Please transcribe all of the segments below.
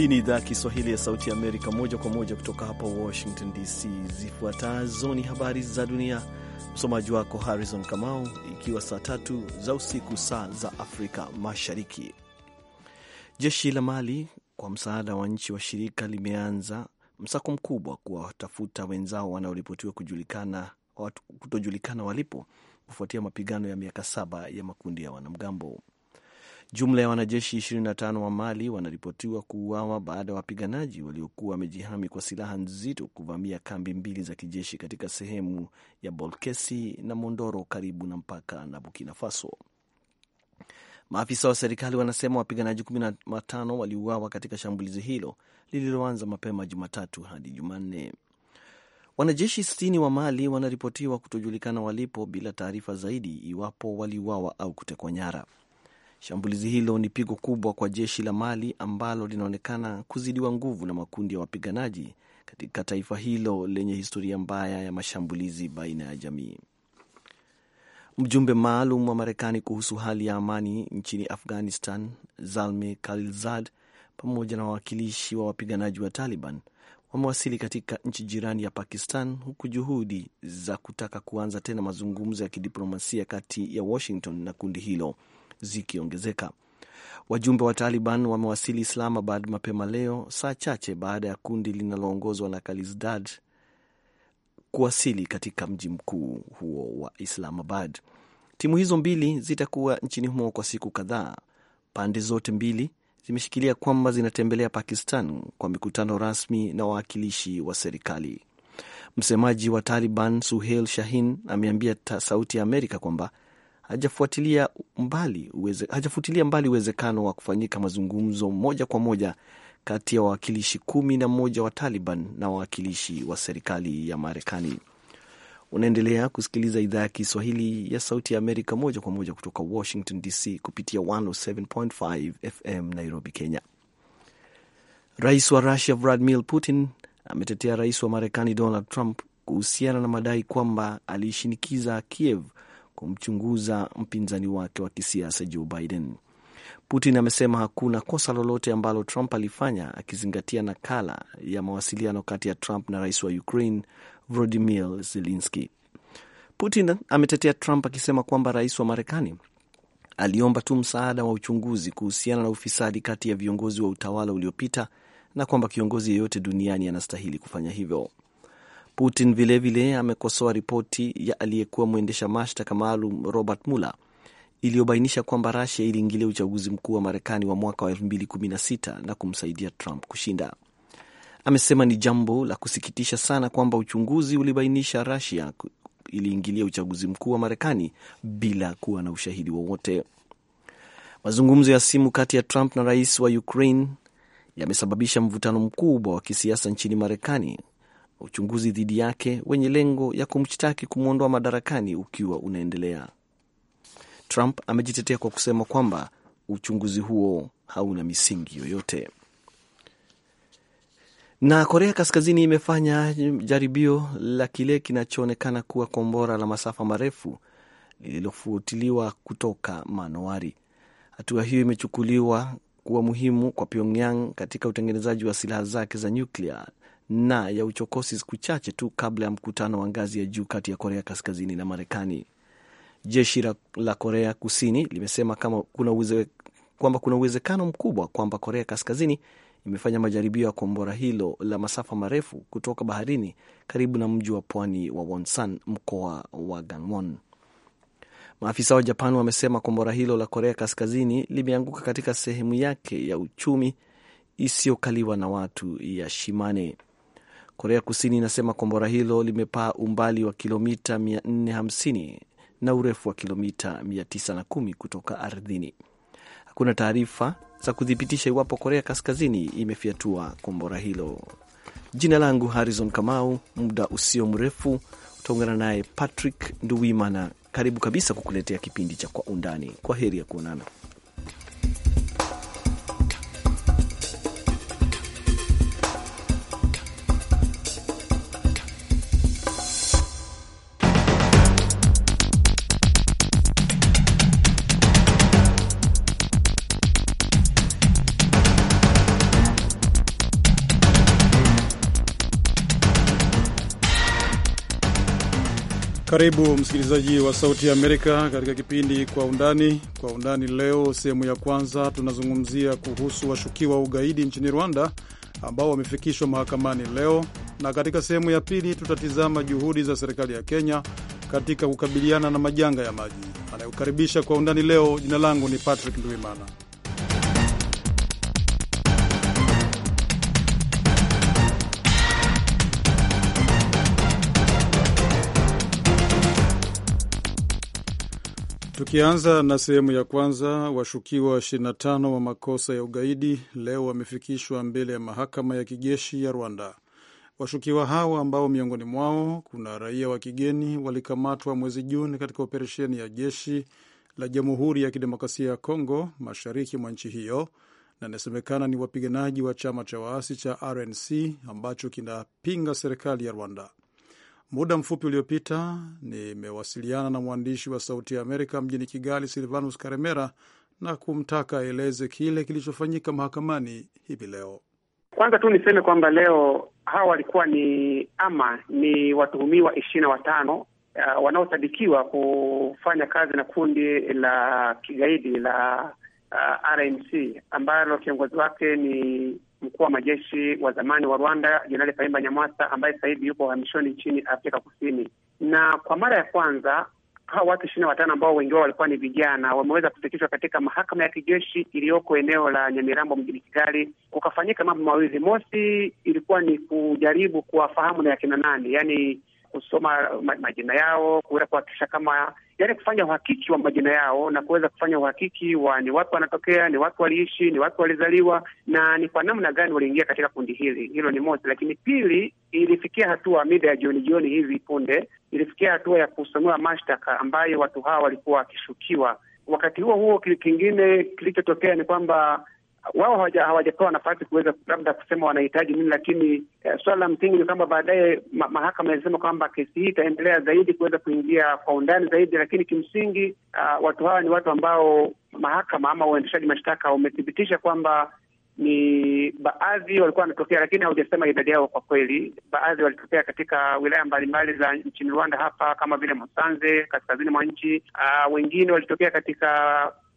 Hii ni idhaa ya Kiswahili ya Sauti ya Amerika, moja kwa moja kutoka hapa Washington DC. Zifuatazo ni habari za dunia, msomaji wako Harrison Kamau, ikiwa saa tatu za usiku, saa za Afrika Mashariki. Jeshi la Mali kwa msaada wa nchi washirika limeanza msako mkubwa kuwatafuta wenzao wanaoripotiwa kutojulikana walipo kufuatia mapigano ya miaka saba ya makundi ya wanamgambo. Jumla ya wanajeshi 25 wa Mali wanaripotiwa kuuawa baada ya wapiganaji waliokuwa wamejihami kwa silaha nzito kuvamia kambi mbili za kijeshi katika sehemu ya Bolkesi na Mondoro karibu na mpaka na Burkina Faso. Maafisa wa serikali wanasema wapiganaji 15 waliuawa katika shambulizi hilo lililoanza mapema Jumatatu hadi Jumanne. Wanajeshi 60 wa Mali wanaripotiwa kutojulikana walipo bila taarifa zaidi iwapo waliuawa au kutekwa nyara. Shambulizi hilo ni pigo kubwa kwa jeshi la Mali ambalo linaonekana kuzidiwa nguvu na makundi ya wapiganaji katika taifa hilo lenye historia mbaya ya mashambulizi baina ya jamii. Mjumbe maalum wa Marekani kuhusu hali ya amani nchini Afghanistan, zalme Khalilzad, pamoja na wawakilishi wa wapiganaji wa Taliban wamewasili katika nchi jirani ya Pakistan, huku juhudi za kutaka kuanza tena mazungumzo ya kidiplomasia kati ya Washington na kundi hilo zikiongezeka. Wajumbe wa Taliban wamewasili Islamabad mapema leo, saa chache baada ya kundi linaloongozwa na kalisdad kuwasili katika mji mkuu huo wa Islamabad. Timu hizo mbili zitakuwa nchini humo kwa siku kadhaa. Pande zote mbili zimeshikilia kwamba zinatembelea Pakistan kwa mikutano rasmi na wawakilishi wa serikali. Msemaji wa Taliban Suheil Shahin ameambia Sauti ya Amerika kwamba hajafuatilia mbali uwezekano wa kufanyika mazungumzo moja kwa moja kati ya wawakilishi kumi na mmoja wa Taliban na wawakilishi wa serikali ya Marekani. Unaendelea kusikiliza idhaa ya Kiswahili ya Sauti ya Amerika moja kwa moja kutoka Washington DC kupitia 107.5 FM Nairobi, Kenya. Rais wa Rusia Vladimir Putin ametetea rais wa Marekani Donald Trump kuhusiana na madai kwamba alishinikiza Kiev kumchunguza mpinzani wake wa kisiasa Joe Biden. Putin amesema hakuna kosa lolote ambalo Trump alifanya, akizingatia nakala ya mawasiliano kati ya Trump na rais wa Ukraine Volodymyr Zelensky. Putin ametetea Trump akisema kwamba rais wa Marekani aliomba tu msaada wa uchunguzi kuhusiana na ufisadi kati ya viongozi wa utawala uliopita na kwamba kiongozi yeyote duniani anastahili kufanya hivyo. Putin vilevile amekosoa ripoti ya aliyekuwa mwendesha mashtaka maalum Robert Mueller iliyobainisha kwamba Russia iliingilia uchaguzi mkuu wa Marekani wa mwaka wa 2016 na kumsaidia Trump kushinda. Amesema ni jambo la kusikitisha sana kwamba uchunguzi ulibainisha Russia iliingilia uchaguzi mkuu wa Marekani bila kuwa na ushahidi wowote. Mazungumzo ya simu kati ya Trump na rais wa Ukraine yamesababisha mvutano mkubwa wa kisiasa nchini Marekani wa uchunguzi dhidi yake wenye lengo ya kumshtaki kumwondoa madarakani ukiwa unaendelea. Trump amejitetea kwa kusema kwamba uchunguzi huo hauna misingi yoyote. Na Korea Kaskazini imefanya jaribio la kile kinachoonekana kuwa kombora la masafa marefu lililofuatiliwa kutoka manowari. Hatua hiyo imechukuliwa kuwa muhimu kwa Pyongyang katika utengenezaji wa silaha zake za nyuklia na ya uchokozi siku chache tu kabla ya mkutano wa ngazi ya juu kati ya Korea Kaskazini na Marekani. Jeshi la Korea Kusini limesema kama kuna uze, kwamba kuna uwezekano mkubwa kwamba Korea Kaskazini imefanya majaribio ya kombora hilo la masafa marefu kutoka baharini karibu na mji wa pwani wa Wonsan, mkoa wa Gangwon. Maafisa wa Japan wamesema kombora hilo la Korea Kaskazini limeanguka katika sehemu yake ya uchumi isiyokaliwa na watu ya Shimane. Korea Kusini inasema kombora hilo limepaa umbali wa kilomita 450 na urefu wa kilomita 910 kutoka ardhini. Hakuna taarifa za kuthibitisha iwapo Korea Kaskazini imefyatua kombora hilo. Jina langu Harrison Kamau. Muda usio mrefu utaungana naye Patrick Nduwimana, karibu kabisa kukuletea kipindi cha Kwa Undani. Kwa heri ya kuonana. Karibu msikilizaji wa Sauti ya Amerika katika kipindi Kwa Undani. Kwa Undani leo, sehemu ya kwanza, tunazungumzia kuhusu washukiwa wa ugaidi nchini Rwanda ambao wamefikishwa mahakamani leo, na katika sehemu ya pili tutatizama juhudi za serikali ya Kenya katika kukabiliana na majanga ya maji. Anayokaribisha Kwa Undani leo, jina langu ni Patrick Ndwimana. Tukianza na sehemu ya kwanza, washukiwa 25 wa makosa ya ugaidi leo wamefikishwa mbele ya mahakama ya kijeshi ya Rwanda. Washukiwa hao ambao miongoni mwao kuna raia wa kigeni walikamatwa mwezi Juni katika operesheni ya jeshi la Jamhuri ya Kidemokrasia ya Kongo mashariki mwa nchi hiyo, na inasemekana ni wapiganaji wa chama cha waasi cha RNC ambacho kinapinga serikali ya Rwanda. Muda mfupi uliopita nimewasiliana na mwandishi wa Sauti ya Amerika mjini Kigali, Silvanus Karemera, na kumtaka aeleze kile kilichofanyika mahakamani hivi leo. Kwanza tu niseme kwamba leo hawa walikuwa ni ama ni watuhumiwa ishirini na watano uh, wanaosadikiwa kufanya kazi na kundi la kigaidi la uh, RMC ambalo kiongozi wake ni mkuu wa majeshi wa zamani wa Rwanda Jenerali faimba Nyamwasa ambaye sasa hivi yuko uhamishoni nchini Afrika Kusini. Na kwa mara ya kwanza hawa watu ishirini na watano ambao wengi wao walikuwa ni vijana wameweza kufikishwa katika mahakama ya kijeshi iliyoko eneo la Nyamirambo mjini Kigali. Kukafanyika mambo mawili, mosi ilikuwa ni kujaribu kuwafahamu na yakina nani, yaani kusoma majina yao, kuweza kuhakikisha kama, yani kufanya uhakiki wa majina yao na kuweza kufanya uhakiki wa ni wapi wanatokea, ni wapi waliishi, ni wapi walizaliwa na ni kwa namna gani waliingia katika kundi hili. Hilo ni moja, lakini pili, ilifikia hatua mida ya jioni jioni hivi punde, ilifikia hatua ya kusomewa mashtaka ambayo watu hawa walikuwa wakishukiwa. Wakati huo huo, kingine kilichotokea ni kwamba wao hawajapewa nafasi kuweza labda kusema wanahitaji nini, lakini eh, swala la msingi ni kwamba baadaye ma, mahakama ilisema kwamba kesi hii itaendelea zaidi kuweza kuingia kwa undani zaidi, lakini kimsingi uh, watu hawa ni watu ambao mahakama ama uendeshaji mashtaka umethibitisha kwamba ni baadhi walikuwa wanatokea, lakini haujasema idadi yao kwa kweli. Baadhi walitokea katika wilaya mbalimbali za nchini Rwanda hapa kama vile Musanze, kaskazini mwa nchi. Ah, wengine walitokea katika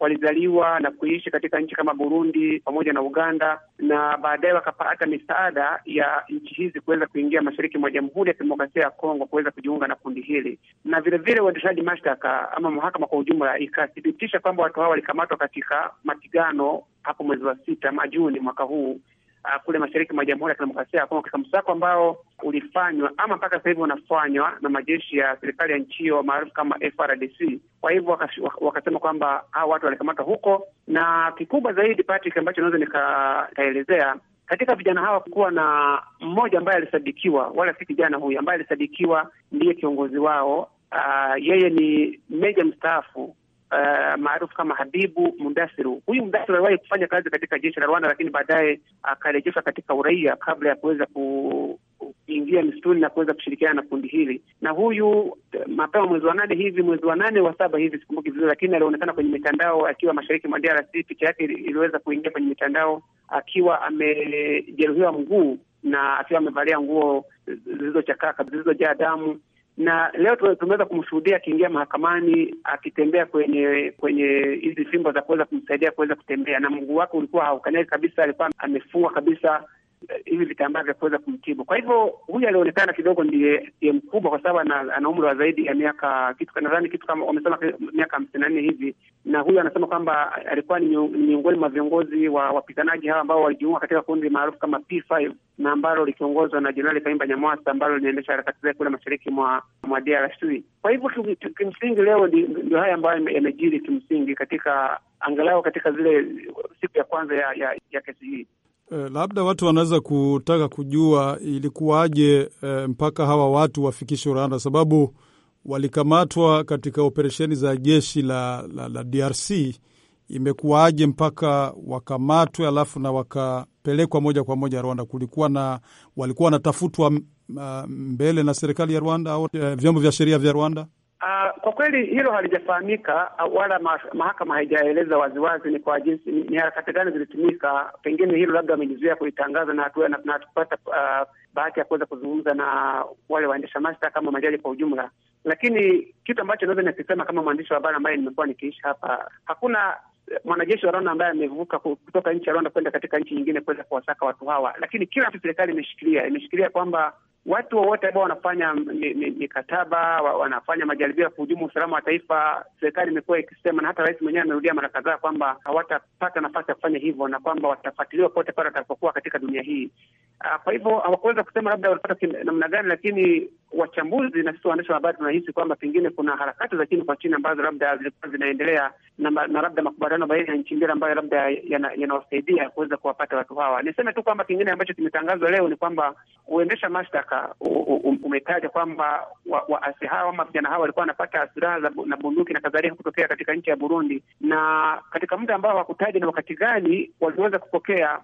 walizaliwa na kuishi katika nchi kama Burundi pamoja na Uganda, na baadaye wakapata misaada ya nchi hizi kuweza kuingia mashariki mwa Jamhuri ya Kidemokrasia ya Kongo kuweza kujiunga na kundi hili. Na vilevile uendeshaji mashtaka ama mahakama kwa ujumla ikathibitisha kwamba watu hao walikamatwa katika mapigano hapo mwezi wa sita majuni mwaka huu uh, kule mashariki mwa Jamhuri ya Kidemokrasia ya Kongo katika msako ambao ulifanywa ama mpaka sasa hivi unafanywa na majeshi ya serikali ya nchi hiyo maarufu kama FRDC. Kwa hivyo wakasema kwamba hao watu walikamatwa huko, na kikubwa zaidi Patrick, ambacho naweza nikaelezea katika vijana hawa kuwa na mmoja ambaye alisadikiwa, wala si kijana huyu, ambaye alisadikiwa ndiye kiongozi wao. Uh, yeye ni meja mstaafu uh, maarufu kama Habibu Mundasiru. Huyu Mundasiru aliwahi kufanya kazi katika jeshi la Rwanda, lakini baadaye akarejeshwa katika uraia kabla ya kuweza ku ingia msituni na kuweza kushirikiana na kundi hili. Na huyu eh, mapema mwezi wa nane hivi, mwezi wa nane wa saba hivi, sikumbuki vizuri, lakini alionekana kwenye mitandao akiwa mashariki mwa DRC. Picha yake iliweza kuingia kwenye mitandao akiwa amejeruhiwa mguu na akiwa amevalia nguo zilizochakaa, zilizojaa damu na leo tumeweza kumshuhudia akiingia mahakamani akitembea kwenye kwenye hizi fimbo za kuweza kumsaidia kuweza kutembea, na mguu wake ulikuwa haukanyagi kabisa, alikuwa amefungwa kabisa eh, hivi vitambaa vya kuweza kumtibu. Kwa hivyo huyu alionekana kidogo ndiye mkubwa, kwa sababu ana umri wa zaidi ya miaka kitu nadhani kitu kama wamesema miaka hamsini na nne hivi, na huyu anasema kwamba alikuwa ni miongoni mwa viongozi wa wapiganaji hawa ambao walijiunga katika kundi maarufu kama P5 na ambalo likiongozwa na Jenerali Kaimba Nyamwasa ambalo linaendesha harakati zake kule mashariki mwa, mwa DRC. Kwa hivyo kimsingi leo ndio haya ambayo yamejiri kimsingi katika angalau katika zile siku ya kwanza ya, ya, ya kesi hii. Eh, labda watu wanaweza kutaka kujua ilikuwaje eh, mpaka hawa watu wafikishe Rwanda, sababu walikamatwa katika operesheni za jeshi la, la, la DRC imekuwaje mpaka wakamatwe alafu na wakapelekwa moja kwa moja Rwanda? Kulikuwa na walikuwa wanatafutwa mbele na serikali ya Rwanda au eh, vyombo vya sheria vya Rwanda? Uh, kwa kweli hilo halijafahamika wala mahakama haijaeleza waziwazi ni kwa jinsi ni, harakati gani zilitumika. Pengine hilo labda wamejizuia kulitangaza na hatua na uh, bahati ya kuweza kuzungumza na wale waendesha mashtaka kama majaji kwa ujumla, lakini kitu ambacho naweza nikisema kama mwandishi wa habari ambaye nimekuwa nikiishi hapa, hakuna mwanajeshi wa Rwanda ambaye amevuka kutoka nchi ya Rwanda kwenda katika nchi nyingine kuweza kuwasaka watu hawa, lakini kila mtu serikali imeshikilia imeshikilia kwamba watu wowote ambao wanafanya mikataba wanafanya majaribio ya kuhujumu usalama wa taifa, serikali imekuwa ikisema, na hata rais mwenyewe amerudia mara kadhaa kwamba hawatapata nafasi ya kufanya hivyo na kwamba watafuatiliwa pote pale watakapokuwa katika dunia hii. Ah, kwa hivyo hawakuweza kusema labda wanapata namna gani, lakini wachambuzi na sisi waandishi wa habari tunahisi kwamba pengine kuna harakati za chini kwa chini ambazo labda zilikuwa zinaendelea na, na labda makubaliano baina ya nchi mbili ambayo labda yanawasaidia yana kuweza kuwapata watu hawa. Niseme tu kwamba kingine ambacho kimetangazwa leo ni kwamba uendesha mashtaka umetaja kwamba waasi hawa ama vijana hawa walikuwa wanapata silaha na bunduki na kadhalika kutokea katika nchi ya Burundi, na katika muda ambao hakutaja na wakati gani waliweza kupokea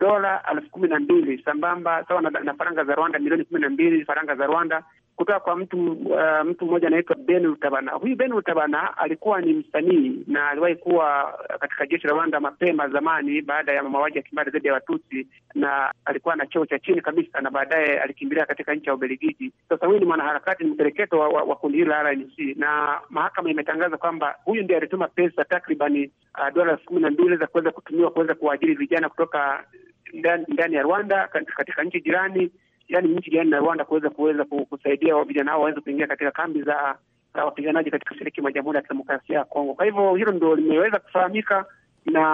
dola elfu kumi na mbili sambamba sawa na, na faranga za Rwanda milioni kumi na mbili faranga za Rwanda kutoka kwa mtu uh, mtu mmoja anaitwa Ben Rutabana. Huyu Ben Rutabana alikuwa ni msanii na aliwahi kuwa katika jeshi la Rwanda mapema zamani, baada ya mauaji ya kimbari dhidi ya Watusi, na alikuwa na cheo cha chini kabisa, na baadaye alikimbilia katika nchi ya Ubelgiji. Sasa huyu ni mwanaharakati, ni mpereketo wa, wa, wa kundi hili la RNC, na mahakama imetangaza kwamba huyu ndiye alituma pesa takribani uh, dola elfu kumi na mbili za kuweza kutumiwa kuweza kuwaajiri vijana kutoka ndani ya Rwanda katika nchi jirani yani nchi jirani na Rwanda kuweza kuweza kusaidia vijana hao waweze kuingia katika kambi za wapiganaji katika shiriki mwa Jamhuri ya Kidemokrasia ya Kongo. Kwa hivyo hilo ndio limeweza kufahamika na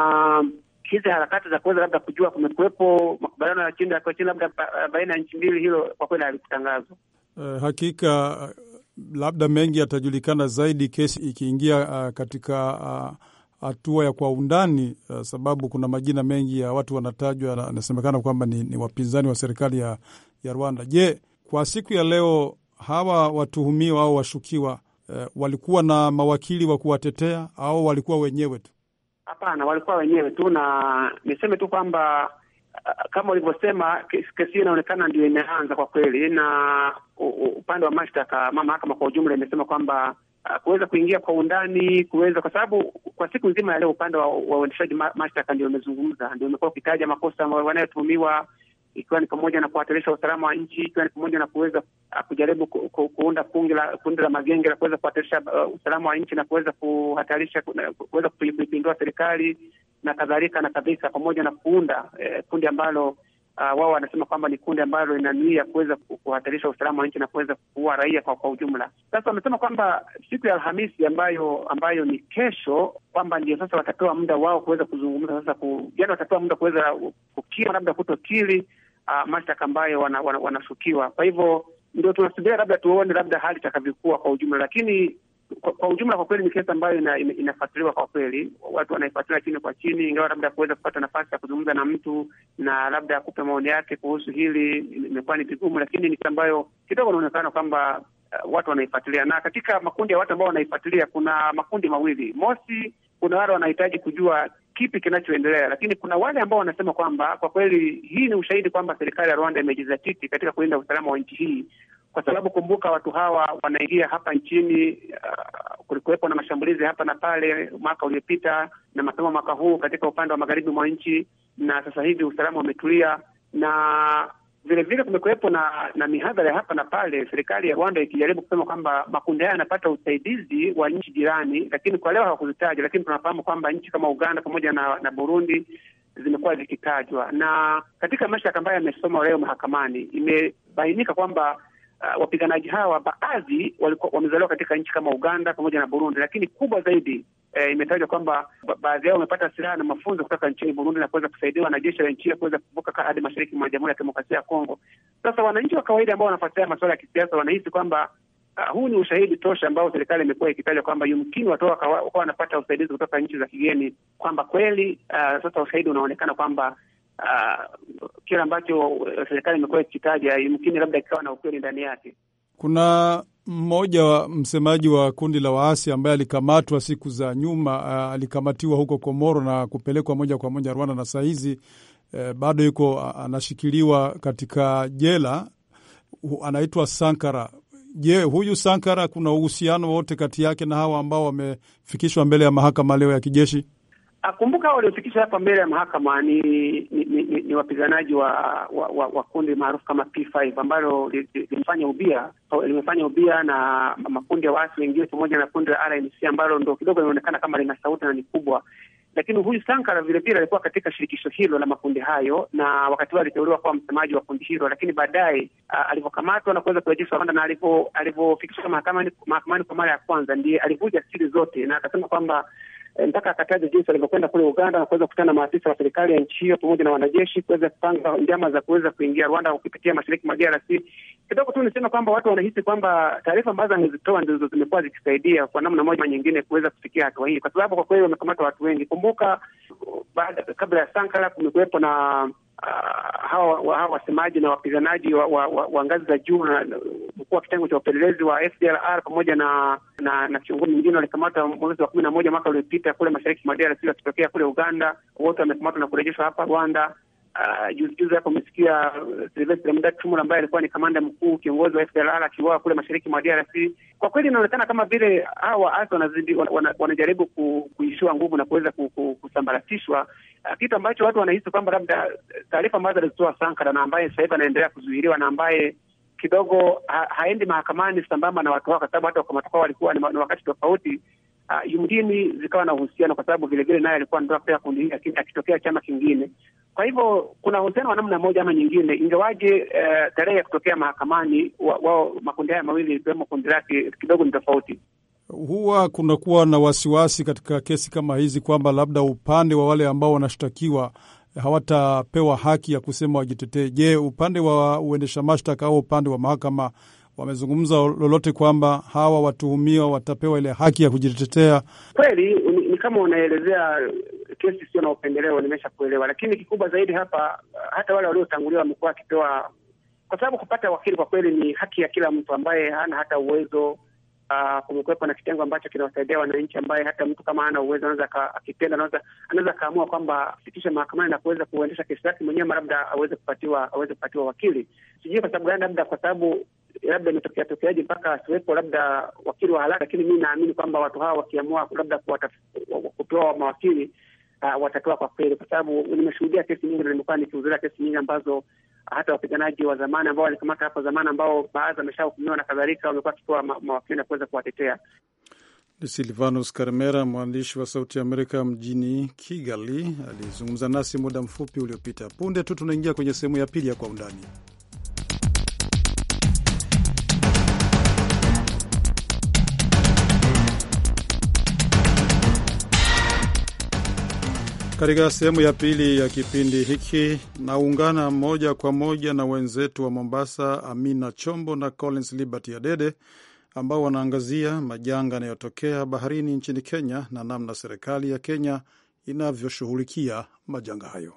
hizi harakati za kuweza labda kujua kumekuwepo makubaliano ya chini kwa chini labda baina ya nchi mbili, hilo kwa kweli halikutangazwa. Uh, hakika labda mengi yatajulikana zaidi kesi ikiingia uh, katika eh, hatua ya kwa undani uh, sababu kuna majina mengi ya watu wanatajwa, anasemekana kwamba ni, ni wapinzani wa serikali ya ya Rwanda. Je, kwa siku ya leo hawa watuhumiwa au washukiwa eh, walikuwa na mawakili wa kuwatetea au walikuwa wenyewe tu? Hapana, walikuwa wenyewe tu, na niseme tu kwamba eh, kama ulivyosema, kesi hiyo inaonekana ndio imeanza kwa kweli, na upande wa mashtaka mahakama kwa ujumla imesema kwamba eh, kuweza kuingia kwa undani kuweza, kwa sababu kwa siku nzima ya leo upande wa uendeshaji mashtaka ndio imezungumza ndio imekuwa ukitaja makosa wanayotuhumiwa ikiwa ni pamoja na kuhatarisha usalama wa nchi, ikiwa ni pamoja na kuweza ah, kujaribu ku, ku, kuunda kundi la kundi la magenge la kuweza kuhatarisha uh, usalama wa nchi na kuweza kuhatarisha kuweza kuipindua serikali na kadhalika na kabisa, pamoja na kuunda eh, kundi ambalo uh, wao wanasema kwamba ni kundi ambalo lina nia kuweza kuhatarisha usalama wa nchi na kuweza kuua raia kwa, kwa ujumla. Sasa wamesema kwamba siku ya Alhamisi ambayo ambayo ni kesho kwamba ndio sasa watapewa muda wao kuweza kuzungumza sasa ku, yani watapewa muda kuweza uh, kukiri labda kutokiri uh, mashtaka ambayo wanashukiwa wana, wana kwa hivyo ndio tunasubiria labda tuone labda hali itakavyokuwa kwa ujumla, lakini kwa, kwa ujumla kwa kweli ni kesi ambayo ina, ina, inafuatiliwa kwa kweli, watu wanaifuatilia chini kwa chini, ingawa labda kuweza kupata nafasi ya kuzungumza na mtu na labda akupe maoni yake kuhusu hili imekuwa ni vigumu, lakini ni ambayo kidogo inaonekana kwamba uh, watu wanaifuatilia, na katika makundi ya watu ambao wanaifuatilia kuna makundi mawili. Mosi, kuna wale wanahitaji kujua kipi kinachoendelea, lakini kuna wale ambao wanasema kwamba kwa kweli hii ni ushahidi kwamba serikali ya Rwanda imejizatiti katika kulinda usalama wa nchi hii, kwa sababu kumbuka, watu hawa wanaingia hapa nchini. Uh, kulikuwepo na mashambulizi hapa na pale mwaka uliopita na mapema mwaka huu katika upande wa magharibi mwa nchi, na sasa hivi usalama umetulia na vile vile kumekuwepo na na mihadhara hapa na pale, serikali ya Rwanda ikijaribu kusema kwamba makundi haya yanapata usaidizi wa nchi jirani, lakini kwa leo hawakuzitaja, lakini tunafahamu kwamba nchi kama Uganda pamoja na, na Burundi zimekuwa zikitajwa. Na katika mashtaka ambayo yamesoma leo mahakamani, imebainika kwamba uh, wapiganaji hawa baadhi wamezaliwa katika nchi kama Uganda pamoja na Burundi, lakini kubwa zaidi E, imetajwa kwamba baadhi yao wamepata silaha na mafunzo kutoka nchini Burundi na kuweza kusaidiwa na jeshi la nchi hiyo kuweza kuvuka hadi mashariki mwa Jamhuri ya Kidemokrasia ya Kongo. Sasa wananchi wa kawaida ambao wanafuatilia masuala ya kisiasa wanahisi kwamba Uh, huu ni ushahidi tosha ambao serikali imekuwa ikitaja kwamba yumkini watu wakawa wanapata usaidizi kutoka nchi za kigeni, kwamba kweli uh, sasa ushahidi unaonekana kwamba uh, kile ambacho eh, serikali imekuwa ikitaja yumkini labda ikawa na ukweli ndani yake. Kuna mmoja wa msemaji wa kundi la waasi ambaye alikamatwa siku za nyuma, uh, alikamatiwa huko Komoro na kupelekwa moja kwa moja Rwanda na saa hizi uh, bado yuko uh, anashikiliwa katika jela anaitwa Sankara. Je, huyu Sankara kuna uhusiano wote kati yake na hawa ambao wamefikishwa mbele ya mahakama leo ya kijeshi? Akumbuka ah, waliofikisha hapa mbele ya mahakama ni ni, ni, ni wapiganaji wa wa, wa, wa kundi maarufu kama P5 ambalo limefanya ubia limefanya ubia na makundi ya waasi wengine pamoja na kundi la RNC ambalo ndo kidogo linaonekana kama lina sauti na ni kubwa, lakini huyu Sankara vilevile alikuwa katika shirikisho hilo la makundi hayo, na wakati huo aliteuliwa kuwa msemaji wa kundi hilo, lakini baadaye alivyokamatwa na kuweza kurejeshwa Rwanda na alivyofikishwa mahakamani mahakamani kwa mara ya kwanza, ndiye alivuja siri zote na akasema kwamba Eh, mpaka akataja jinsi alivyokwenda kule Uganda na kuweza kukutana na maafisa wa serikali ya nchi hiyo pamoja na wanajeshi kuweza kupanga njama za kuweza kuingia Rwanda kupitia mashariki mwa DRC. Kidogo tu nisema kwamba watu wanahisi kwamba taarifa ambazo amezitoa ndizo zimekuwa zikisaidia kwa namna moja nyingine kuweza kufikia hatua hii, kwa sababu kwa kweli wamekamata watu wengi. Kumbuka baada, kabla ya Sankara kumekuwepo na Ah, hawa wasemaji na wapiganaji wa, wa, wa, wa ngazi za juu na mkuu wa kitengo cha upelelezi wa FDLR pamoja na na, na kiongozi mwingine walikamatwa mwezi wa kumi na moja mwaka uliopita kule mashariki mwa DRC wakitokea kule Uganda. Wote wamekamatwa na kurejeshwa hapa Rwanda. Ah, juzi juzi hapo umesikia eh, Silvestre Mudaki Tumula ambaye alikuwa ni kamanda mkuu kiongozi wa FDLR akiuawa kule mashariki mwa DRC. Kwa kweli inaonekana kama vile hawa waasi wanazidi wana, wanajaribu ku, kuishiwa nguvu na kuweza kusambaratishwa, uh, kitu ambacho watu wanahisi kwamba labda eh, taarifa ambazo alizitoa Sankara na ambaye sasa hivi anaendelea kuzuiliwa na ambaye kidogo ha, haendi mahakamani sambamba na watu wao, kwa sababu hata wakamata kwao walikuwa ni wakati tofauti. Uh, yumkini zikawa na uhusiano kwa sababu vilevile naye alikuwa anatoka kutoka kundi hili, lakini akitokea chama kingine kwa hivyo kuna uhusiano wa namna moja ama nyingine, ingawaje uh, eh, tarehe ya kutokea mahakamani wao wa, makundi haya mawili ikiwemo kundi lake kidogo ni tofauti. Huwa kunakuwa na wasiwasi katika kesi kama hizi kwamba labda upande wa wale ambao wanashtakiwa hawatapewa haki ya kusema wajitetee. Je, upande wa uendesha mashtaka au upande wa mahakama wamezungumza lolote kwamba hawa watuhumiwa watapewa ile haki ya kujitetea? Kweli ni, ni kama unaelezea kesi sio na upendeleo, nimesha kuelewa. Lakini kikubwa zaidi hapa, hata wale waliotangulia wamekuwa wakipewa, kwa sababu kupata wakili kwa kweli ni haki ya kila mtu ambaye hana hata uwezo Uh, kumekuwepo na kitengo ambacho kinawasaidia wananchi, ambaye hata mtu kama hana uwezo anaweza akipenda, anaweza anaweza akaamua kwamba afikishe mahakamani na kuweza kuendesha kesi yake mwenyewe, mara labda aweze kupatiwa aweze kupatiwa wakili. Sijui kwa sababu gani, labda kwa sababu labda imetokea tokeaji mpaka asiwepo labda wakili wa haraka, lakini mi naamini kwamba watu hawa wakiamua labda kupewa mawakili Ah, watatoa kwa kweli, kwa sababu nimeshuhudia kesi nyingi na nimekuwa nikihudhuria kesi nyingi ambazo ah, hata wapiganaji wa zamani ambao walikamata hapo zamani ambao baadhi wameshahukumiwa na kadhalika, wamekuwa wakitoa mawakili na kuweza kuwatetea. Ni Silvanus Karmera, mwandishi wa Sauti ya Amerika mjini Kigali, alizungumza nasi muda mfupi uliopita. Punde tu tunaingia kwenye sehemu ya pili ya Kwa Undani. Katika sehemu ya pili ya kipindi hiki naungana moja kwa moja na wenzetu wa Mombasa, Amina Chombo na Collins Liberty Adede ambao wanaangazia majanga yanayotokea baharini nchini Kenya na namna serikali ya Kenya inavyoshughulikia majanga hayo.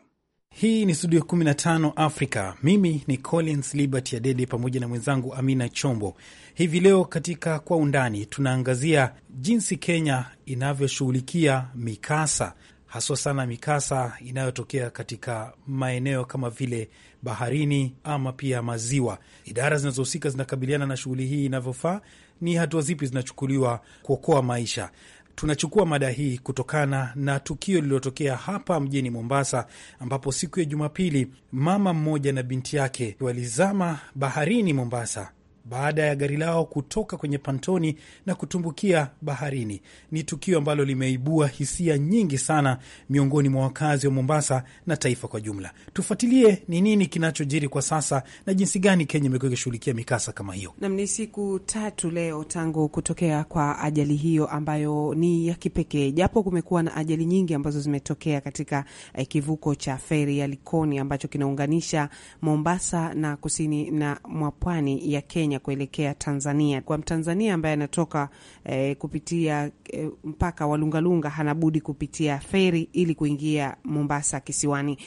Hii ni Studio 15 Africa. Mimi ni Collins Liberty Adede pamoja na mwenzangu Amina Chombo. Hivi leo katika Kwa Undani tunaangazia jinsi Kenya inavyoshughulikia mikasa haswa sana mikasa inayotokea katika maeneo kama vile baharini ama pia maziwa. Idara zinazohusika zinakabiliana na shughuli hii inavyofaa. Ni hatua zipi zinachukuliwa kuokoa maisha? Tunachukua mada hii kutokana na tukio lililotokea hapa mjini Mombasa, ambapo siku ya Jumapili mama mmoja na binti yake walizama baharini Mombasa baada ya gari lao kutoka kwenye pantoni na kutumbukia baharini. Ni tukio ambalo limeibua hisia nyingi sana miongoni mwa wakazi wa Mombasa na taifa kwa jumla. Tufuatilie ni nini kinachojiri kwa sasa na jinsi gani Kenya imekuwa ikishughulikia mikasa kama hiyo. Nam, ni siku tatu leo tangu kutokea kwa ajali hiyo ambayo ni ya kipekee, japo kumekuwa na ajali nyingi ambazo zimetokea katika eh, kivuko cha feri ya Likoni ambacho kinaunganisha Mombasa na kusini na mwa pwani ya Kenya Kenya kuelekea Tanzania. Kwa Mtanzania ambaye anatoka eh, kupitia eh, mpaka wa Lungalunga, hanabudi kupitia feri ili kuingia Mombasa kisiwani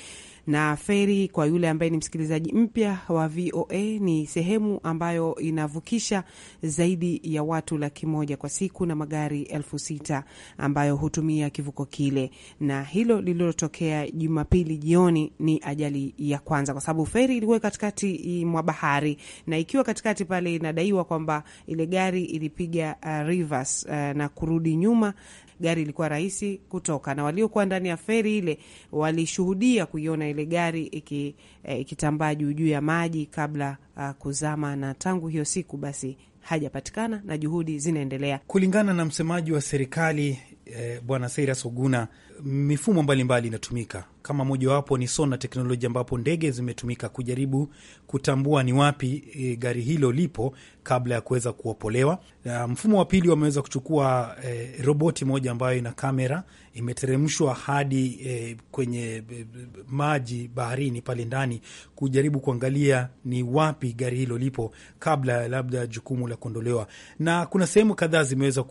na feri. Kwa yule ambaye ni msikilizaji mpya wa VOA, ni sehemu ambayo inavukisha zaidi ya watu laki moja kwa siku na magari elfu sita ambayo hutumia kivuko kile, na hilo lililotokea Jumapili jioni ni ajali ya kwanza, kwa sababu feri ilikuwa katikati mwa bahari, na ikiwa katikati pale, inadaiwa kwamba ile gari ilipiga uh, reverse, uh, na kurudi nyuma gari ilikuwa rahisi kutoka, na waliokuwa ndani ya feri ile walishuhudia kuiona ile gari iki, eh, ikitambaa juu juu ya maji kabla uh, kuzama, na tangu hiyo siku basi hajapatikana na juhudi zinaendelea. Kulingana na msemaji wa serikali eh, Bwana Seira Soguna, mifumo mbalimbali mbali inatumika kama mojawapo ni sona teknoloji ambapo ndege zimetumika kujaribu kutambua ni wapi e, gari hilo lipo kabla ya kuweza kuopolewa. mfumo wa pili wameweza kuchukua e, roboti moja ambayo ina kamera imeteremshwa hadi e, kwenye e, maji baharini pale ndani kujaribu kuangalia ni wapi gari hilo lipo kabla ya labda jukumu la kuondolewa, na kuna sehemu kadhaa zimeweza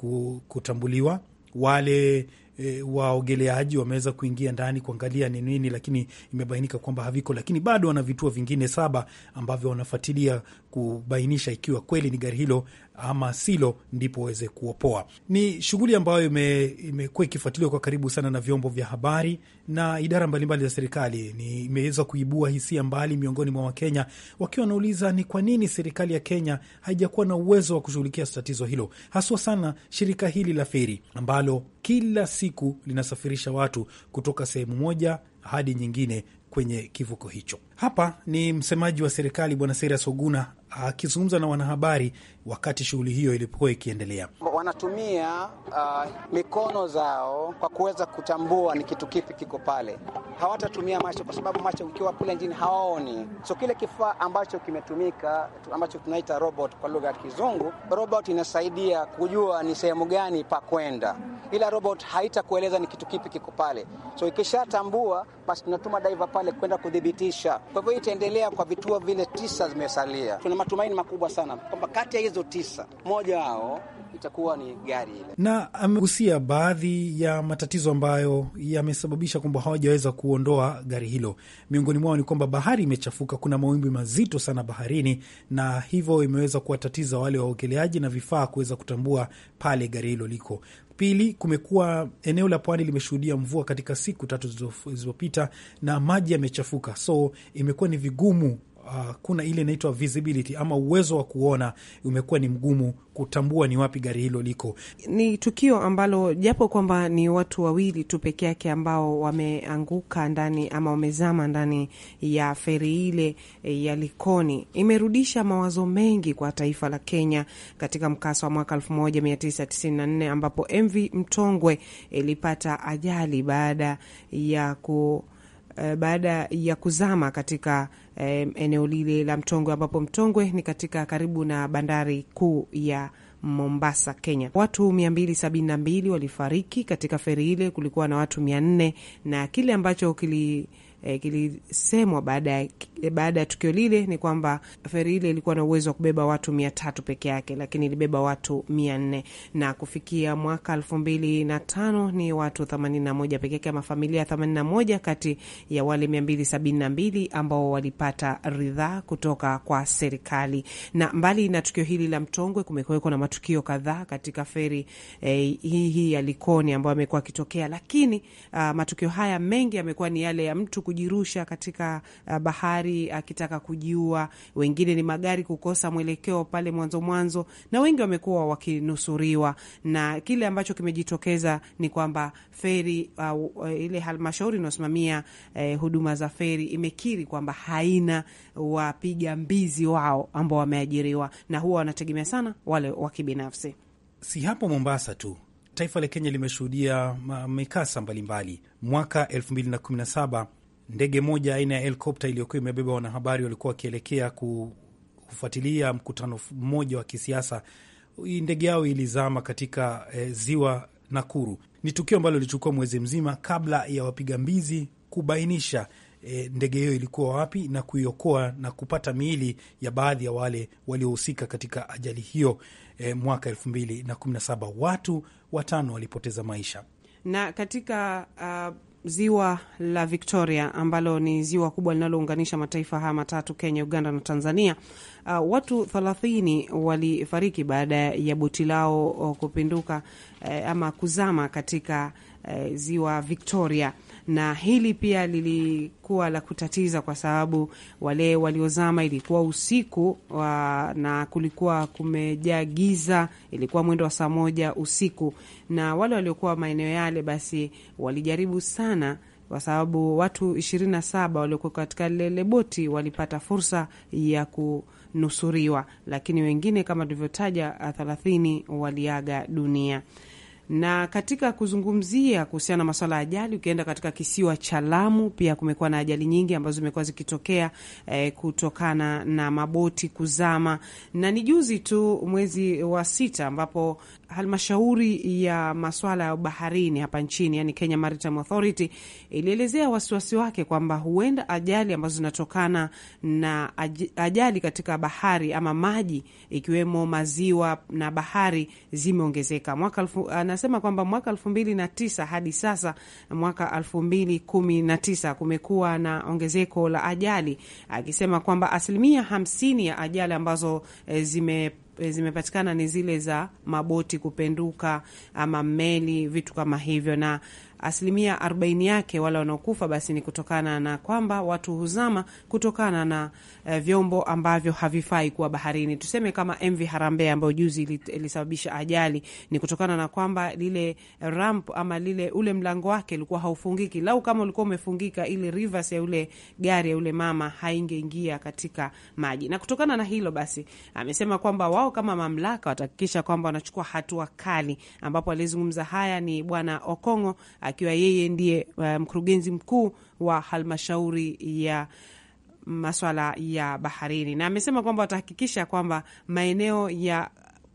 kutambuliwa wale E, waogeleaji wameweza kuingia ndani kuangalia ni nini, lakini imebainika kwamba haviko, lakini bado wana vituo vingine saba ambavyo wanafuatilia kubainisha ikiwa kweli ni gari hilo ama silo, ndipo uweze kuopoa. Ni shughuli ambayo imekuwa ikifuatiliwa kwa karibu sana na vyombo vya habari na idara mbalimbali za serikali. Ni imeweza kuibua hisia mbali miongoni mwa Wakenya wakiwa wanauliza ni kwa nini serikali ya Kenya haijakuwa na uwezo wa kushughulikia tatizo hilo, haswa sana shirika hili la feri ambalo kila siku linasafirisha watu kutoka sehemu moja hadi nyingine kwenye kivuko hicho. Hapa ni msemaji wa serikali Bwana Serias Oguna akizungumza na wanahabari wakati shughuli hiyo ilipokuwa ikiendelea. Wanatumia uh, mikono zao kwa kuweza kutambua ni kitu kipi kiko pale. Hawatatumia macho kwa sababu macho ukiwa kule njini hawaoni. So kile kifaa ambacho kimetumika ambacho tunaita robot kwa lugha ya Kizungu, robot inasaidia kujua ni sehemu gani pa kwenda, ila robot haitakueleza ni kitu kipi kiko pale. So ikishatambua basi tunatuma daiva pale kwenda kudhibitisha kwa hivyo itaendelea kwa vituo vile tisa zimesalia. Tuna matumaini makubwa sana kwamba kati ya hizo tisa moja wao itakuwa ni gari ile. Na amegusia baadhi ya matatizo ambayo yamesababisha kwamba hawajaweza kuondoa gari hilo. Miongoni mwao ni kwamba bahari imechafuka, kuna mawimbi mazito sana baharini, na hivyo imeweza kuwatatiza wale waogeleaji na vifaa kuweza kutambua pale gari hilo liko. Pili, kumekuwa eneo la pwani limeshuhudia mvua katika siku tatu zilizopita na maji yamechafuka, so imekuwa ni vigumu uh, kuna ile inaitwa visibility ama uwezo wa kuona, umekuwa ni mgumu kutambua ni wapi gari hilo liko. Ni tukio ambalo japo kwamba ni watu wawili tu peke yake ambao wameanguka ndani ama wamezama ndani ya feri ile eh, ya Likoni, imerudisha mawazo mengi kwa taifa la Kenya katika mkasa wa mwaka 1994 ambapo MV Mtongwe ilipata ajali baada ya ku Eh, baada ya kuzama katika eh, eneo lile la Mtongwe ambapo Mtongwe ni katika karibu na bandari kuu ya Mombasa, Kenya. Watu 272 walifariki katika feri ile, kulikuwa na watu 400 na kile ambacho kili eh, kilisemwa eh, baada ya tukio lile ni kwamba feri ile ilikuwa na uwezo wa kubeba watu mia tatu peke yake, lakini ilibeba watu mia nne na kufikia mwaka elfu mbili na tano ni watu themanini na moja peke yake ama familia themanini na moja kati ya wale mia mbili sabini na mbili ambao walipata ridhaa kutoka kwa serikali. Na mbali na tukio hili la Mtongwe, kumekuweko na matukio kadhaa katika feri eh, hii hii ya Likoni ambayo amekuwa akitokea, lakini uh, matukio haya mengi amekuwa ni yale ya mtu kujirusha katika uh, bahari akitaka kujiua, wengine ni magari kukosa mwelekeo pale mwanzo mwanzo, na wengi wamekuwa wakinusuriwa. Na kile ambacho kimejitokeza ni kwamba feri uh, ile halmashauri inayosimamia uh, huduma za feri imekiri kwamba haina wapiga mbizi wao ambao wameajiriwa, na huwa wanategemea sana wale wa kibinafsi. Si hapo Mombasa tu taifa la Kenya limeshuhudia uh, mikasa mbalimbali. Mwaka 2017 ndege moja aina ya helikopta iliyokuwa imebeba wanahabari walikuwa wakielekea kufuatilia mkutano mmoja wa kisiasa. Hii ndege yao ilizama katika e, ziwa Nakuru. Ni tukio ambalo lilichukua mwezi mzima kabla ya wapiga mbizi kubainisha e, ndege hiyo ilikuwa wapi na kuiokoa na kupata miili ya baadhi ya wale waliohusika katika ajali hiyo e, mwaka elfu mbili na kumi na saba watu watano walipoteza maisha na katika uh, ziwa la Victoria ambalo ni ziwa kubwa linalounganisha mataifa haya matatu Kenya, Uganda na Tanzania. Uh, watu thelathini walifariki baada ya boti lao uh, kupinduka, eh, ama kuzama katika eh, ziwa Victoria na hili pia lilikuwa la kutatiza kwa sababu wale waliozama ilikuwa usiku wa, na kulikuwa kumejaa giza, ilikuwa mwendo wa saa moja usiku, na wale waliokuwa maeneo yale basi walijaribu sana kwa sababu watu ishirini na saba waliokuwa katika lile boti walipata fursa ya kunusuriwa, lakini wengine kama tulivyotaja thelathini waliaga dunia na katika kuzungumzia kuhusiana na masuala ya ajali, ukienda katika kisiwa cha Lamu pia kumekuwa na ajali nyingi ambazo zimekuwa zikitokea eh, kutokana na maboti kuzama. Na ni juzi tu mwezi wa sita ambapo halmashauri ya masuala ya baharini hapa nchini, yani Kenya Maritime Authority, ilielezea wasiwasi wake kwamba huenda ajali ambazo zinatokana na ajali katika bahari ama maji, ikiwemo maziwa na bahari zimeongezeka mwaka elfu anasema kwamba mwaka elfu mbili na tisa hadi sasa mwaka elfu mbili kumi na tisa kumekuwa na ongezeko la ajali, akisema kwamba asilimia hamsini ya ajali ambazo eh, zime eh, zimepatikana ni zile za maboti kupenduka ama meli, vitu kama hivyo, na asilimia 40 yake wale wanaokufa basi ni kutokana na kwamba watu huzama kutokana na e, vyombo ambavyo havifai kuwa baharini. Tuseme kama MV Harambee ambayo juzi ilisababisha ajali, ni kutokana na kwamba lile ramp ama lile ule mlango wake ulikuwa haufungiki. Lau kama ulikuwa umefungika, ile reverse ya ule gari ya ule mama haingeingia katika maji. Na kutokana na hilo basi, amesema kwamba wao kama mamlaka watahakikisha kwamba wanachukua hatua kali, ambapo alizungumza haya ni Bwana Okongo akiwa yeye ndiye eh, mkurugenzi mkuu wa halmashauri ya maswala ya baharini, na amesema kwamba watahakikisha kwamba maeneo ya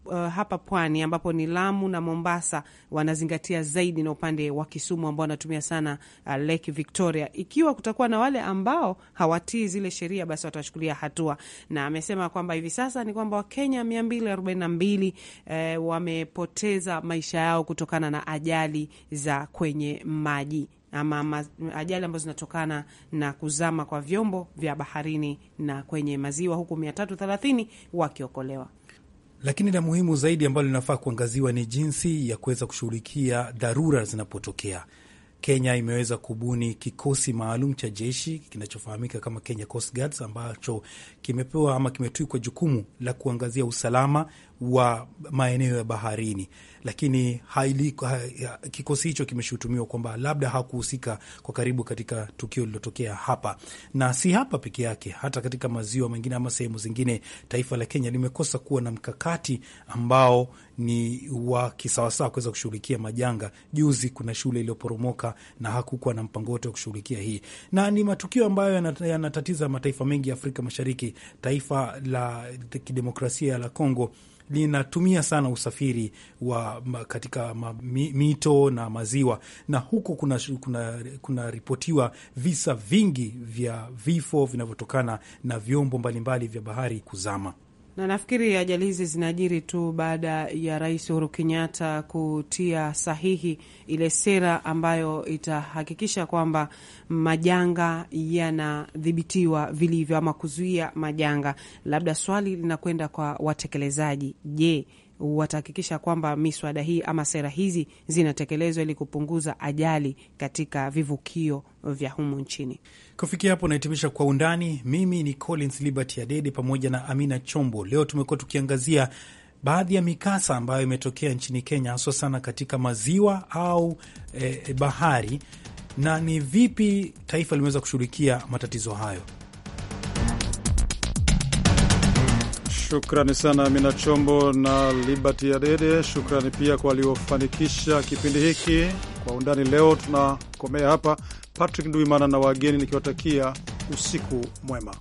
uh, hapa pwani ambapo ni Lamu na Mombasa wanazingatia zaidi, na upande wa Kisumu ambao wanatumia sana uh, Lake Victoria. Ikiwa kutakuwa na wale ambao hawatii zile sheria, basi watawachukulia hatua, na amesema kwamba hivi sasa ni kwamba Wakenya 242 eh, uh, wamepoteza maisha yao kutokana na ajali za kwenye maji ama ma, ajali ambazo zinatokana na kuzama kwa vyombo vya baharini na kwenye maziwa, huku 330 wakiokolewa. Lakini la muhimu zaidi ambalo linafaa kuangaziwa ni jinsi ya kuweza kushughulikia dharura zinapotokea. Kenya imeweza kubuni kikosi maalum cha jeshi kinachofahamika kama Kenya Coast Guards ambacho kimepewa ama kimetwikwa jukumu la kuangazia usalama wa maeneo ya baharini, lakini haili, ha, kikosi hicho kimeshutumiwa kwamba labda hakuhusika kwa karibu katika tukio lililotokea hapa, na si hapa peke yake, hata katika maziwa mengine ama sehemu zingine. Taifa la Kenya limekosa kuwa na mkakati ambao ni wa kisawasawa kuweza kushughulikia majanga. Juzi kuna shule iliyoporomoka na hakukuwa na mpango wote wa kushughulikia hii, na ni matukio ambayo yanatatiza mataifa mengi ya Afrika Mashariki. Taifa la kidemokrasia la Kongo linatumia sana usafiri wa katika ma, mi, mito na maziwa na huko kuna, kuna, kuna ripotiwa visa vingi vya vifo vinavyotokana na vyombo mbalimbali vya bahari kuzama. Na nafikiri ajali hizi zinajiri tu baada ya Rais Uhuru Kenyatta kutia sahihi ile sera ambayo itahakikisha kwamba majanga yanadhibitiwa vilivyo ama kuzuia majanga. Labda swali linakwenda kwa watekelezaji, je, watahakikisha kwamba miswada hii ama sera hizi zinatekelezwa ili kupunguza ajali katika vivukio vya humu nchini. Kufikia hapo nahitimisha kwa undani. Mimi ni Collins Liberty Adede pamoja na Amina Chombo. Leo tumekuwa tukiangazia baadhi ya mikasa ambayo imetokea nchini Kenya, haswa sana katika maziwa au eh, bahari na ni vipi taifa limeweza kushughulikia matatizo hayo. Shukrani sana Amina Chombo na Liberty Adede. Shukrani pia kwa waliofanikisha kipindi hiki kwa undani. Leo tunakomea hapa. Patrick Nduimana na wageni nikiwatakia usiku mwema.